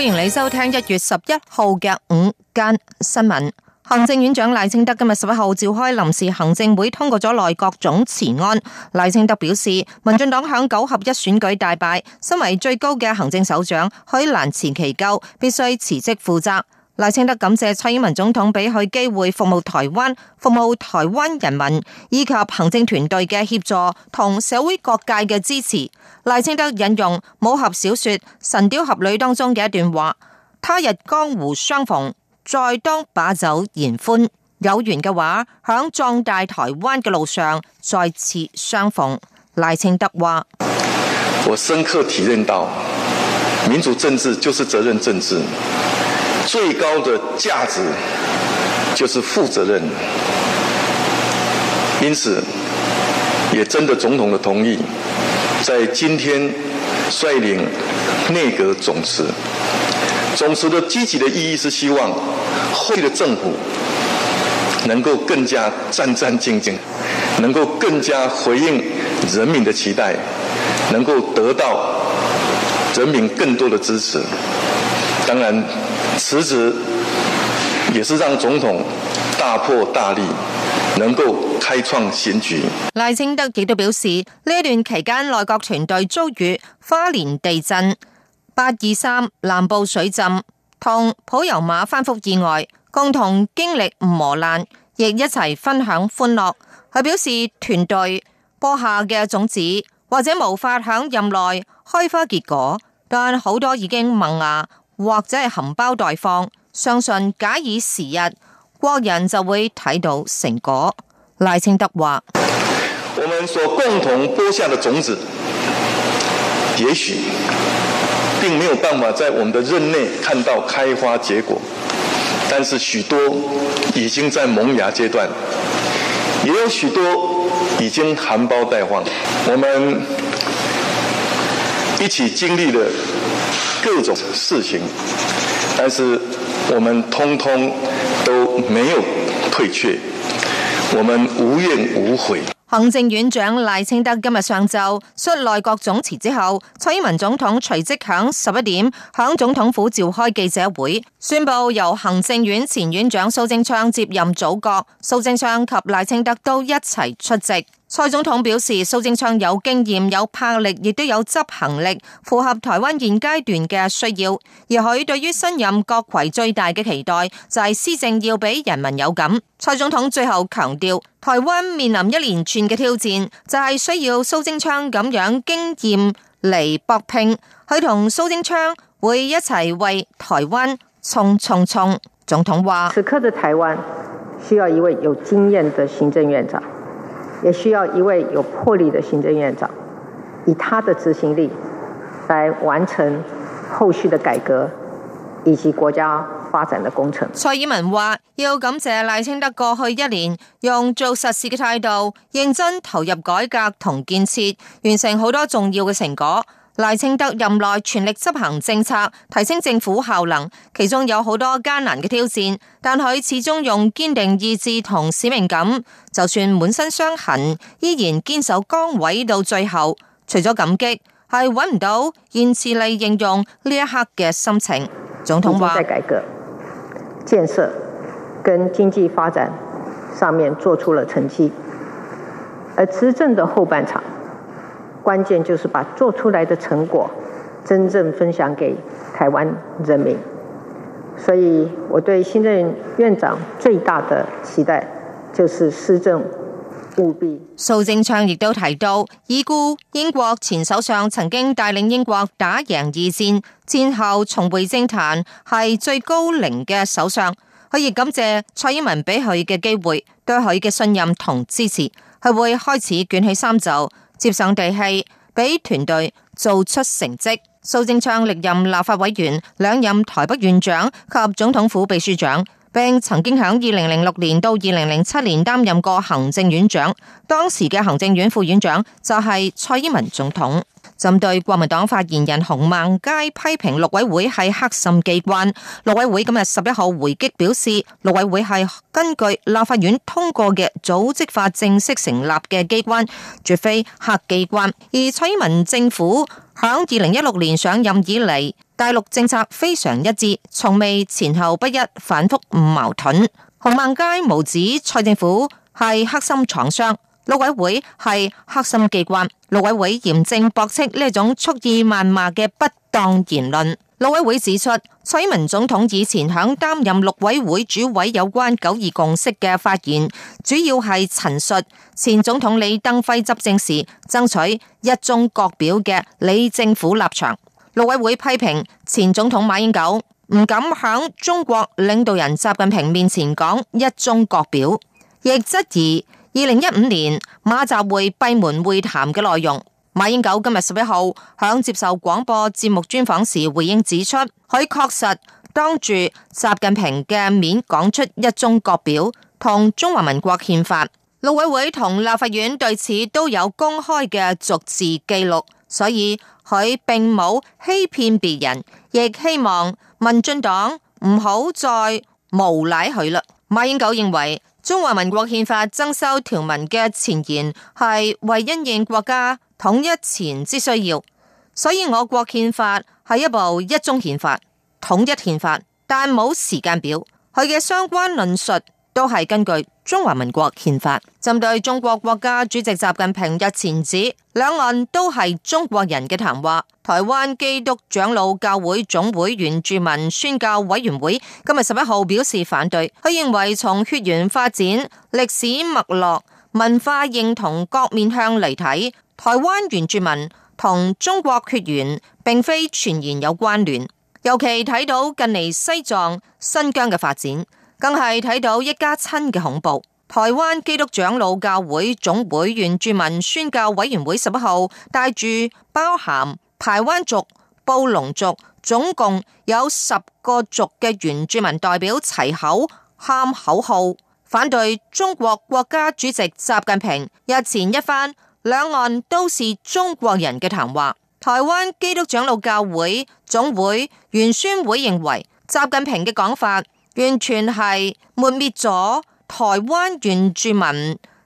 歡迎你收聽一月十一號嘅午間新聞。行政院長賴清德今日十一號召開臨時行政會，通過咗內閣總辭案。賴清德表示，民進黨響九合一選舉大敗，身為最高嘅行政首長，許難辭其咎，必須辭職負責。賴清德感謝蔡英文總統俾佢機會服務台灣、服務台灣人民，以及行政團隊嘅協助同社會各界嘅支持。賴清德引用武俠小說《神鵰俠侶》當中嘅一段話：「他日江湖相逢，再當把酒言歡。有緣嘅話，響壯大台灣嘅路上再次相逢。賴清德話：「我深刻體驗到，民主政治就是責任政治。最高的價值就是負責任，因此也徵得總統的同意，在今天率領內閣總辭。總辭的積極的意義是希望後續的政府能夠更加戰戰兢兢，能夠更加回應人民的期待，能夠得到人民更多的支持。當然。辭職也是讓總統大破大立能夠，能夠開創新局面。賴清德亦都表示呢一段期間，內閣團隊遭遇花蓮地震、八二三南部水浸同普悠瑪翻覆意外，共同經歷磨難，亦一齊分享歡樂。佢表示團隊播下嘅種子，或者無法響任內開花結果，但好多已經萌芽。或者係含苞待放，相信假以時日，國人就會睇到成果。賴清德話，我們所共同播下的種子，也許並沒有辦法在我們的任內看到開花結果，但是許多已經在萌芽階段，也有許多已經含苞待放。我們一起經歷了。各種事情，但是我們通通都沒有退卻，我們無怨無悔。行政院長賴清德今日上晝率內閣總辭之後，蔡英文總統隨即響十一點響總統府召開記者會，宣布由行政院前院長蘇貞昌接任組閣。蘇貞昌及賴清德都一齊出席。蔡總統表示，蘇貞昌有經驗、有魄力，亦都有執行力，符合台灣現階段嘅需要。而佢對於新任閣揆最大嘅期待就係、是、施政要俾人民有感。蔡總統最後強調，台灣面臨一連串嘅挑戰，就係、是、需要蘇貞昌咁樣經驗嚟搏拼，佢同蘇貞昌會一齊為台灣沖沖沖。總統話：此刻嘅台灣需要一位有經驗嘅行政院長，也需要一位有魄力嘅行政院長，以他嘅執行力來完成後續嘅改革以及國家。發展的工程，蔡英文話要感謝賴清德過去一年用做實事嘅態度，認真投入改革同建設，完成好多重要嘅成果。賴清德任內全力執行政策，提升政府效能，其中有好多艱難嘅挑戰，但佢始終用堅定意志同使命感，就算滿身傷痕，依然堅守崗位到最後。除咗感激，係搵唔到言辭嚟形容呢一刻嘅心情。總統話。建設跟經濟發展上面做出了成績，而執政的後半場關鍵就是把做出來的成果真正分享給台灣人民。所以我對新任院長最大的期待就是施政。蘇貞昌亦都提到，已故英國前首相曾經帶領英國打贏二戰，戰後重回政壇，係最高齡嘅首相。佢亦感謝蔡英文俾佢嘅機會，對佢嘅信任同支持，佢會開始捲起衫袖，接上地氣，俾團隊做出成績。蘇貞昌歷任立法委員、兩任台北縣長及總統府秘書長。並曾經喺二零零六年到二零零七年擔任過行政院長，當時嘅行政院副院長就係蔡英文總統。針對國民黨發言人洪孟楷批評陸委會係黑心機關，陸委會今日十一號回擊表示，陸委會係根據立法院通過嘅組織法正式成立嘅機關，絕非黑機關。而蔡英文政府響二零一六年上任以嚟，大陸政策非常一致，從未前後不一、反覆矛盾。洪孟楷誣指蔡政府係黑心廠商，陸委會係黑心機關。陸委會嚴正駁斥呢一種蓄意謾罵嘅不當言論。陸委會指出，蔡英文總統以前響擔任陸委會主委有關九二共識嘅發言，主要係陳述前總統李登輝執政時爭取一中各表嘅李政府立場。陸委會批評前總統馬英九唔敢響中國領導人習近平面前講一中各表，亦質疑二零一五年馬習會閉門會談嘅內容。馬英九今日十一號響接受廣播節目專訪時回應指出，佢確實當住習近平嘅面講出一中各表，同中華民國憲法。陸委會同立法院對此都有公開嘅逐字記錄，所以。佢並冇欺騙別人，亦希望民進黨唔好再無賴佢啦。馬英九認為中華民國憲法增修條文嘅前言係為因應國家統一前之需要，所以我國憲法係一部一中憲法、統一憲法，但冇時間表。佢嘅相關論述都係根據。中華民國憲法針對中國國家主席習近平日前指兩岸都係中國人嘅談話，台灣基督長老教會總會原住民宣教委員會今日十一號表示反對。佢認為從血緣發展、歷史脈絡、文化認同各面向嚟睇，台灣原住民同中國血緣並非全然有關聯。尤其睇到近嚟西藏、新疆嘅發展。更係睇到一家親嘅恐怖。台灣基督長老教會總會原住民宣教委員會十一號帶住包含排灣族、布農族，總共有十個族嘅原住民代表齊口喊口號，反對中國國家主席習近平日前一番，兩岸都是中國人嘅談話。台灣基督長老教會總會原宣會認為習近平嘅講法。完全係抹滅咗台灣原住民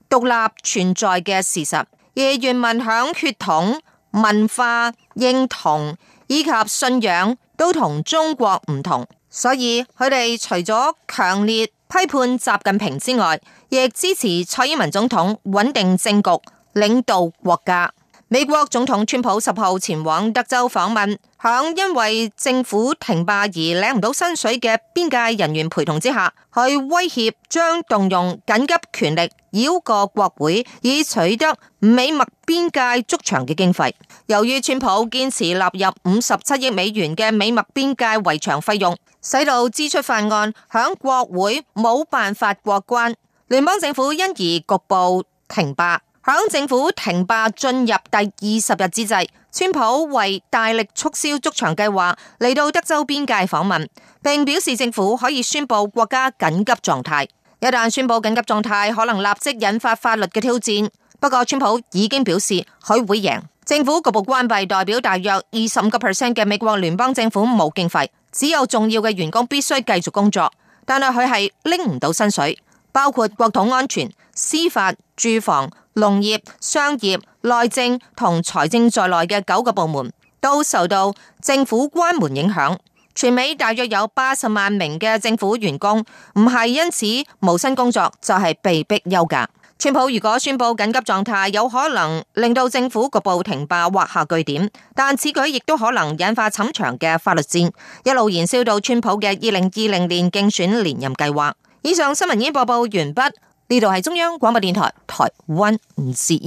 獨立存在嘅事實，而原民響血統、文化認同以及信仰都同中國唔同，所以佢哋除咗強烈批判習近平之外，亦支持蔡英文總統穩定政局、領導國家。美國總統川普十號前往德州訪問，響因為政府停擺而領唔到薪水嘅邊界人員陪同之下，去威脅將動用緊急權力繞過國會，以取得美墨邊界築牆嘅經費。由於川普堅持納入五十七億美元嘅美墨邊界圍牆費用，使到支出法案響國會冇辦法過關，聯邦政府因而局部停擺。喺政府停擺進入第二十日之際，川普為大力促銷築牆計劃嚟到德州邊界訪問，並表示政府可以宣布國家緊急狀態。一旦宣布緊急狀態，可能立即引發法律嘅挑戰。不過，川普已經表示佢會贏。政府局部關閉代表大約二十五個 percent 嘅美國聯邦政府冇經費，只有重要嘅員工必須繼續工作，但係佢係拎唔到薪水，包括國土安全、司法、住房。農業、商業、內政同財政在內嘅九個部門都受到政府關門影響，全美大約有八十萬名嘅政府員工唔係因此無薪工作，就係被逼休假。川普如果宣布緊急狀態，有可能令到政府局部停擺劃下據點，但此舉亦都可能引發冗長嘅法律戰，一路延燒到川普嘅二零二零年競選連任計劃。以上新聞已經播報完畢。呢度係中央廣播電台台灣五是。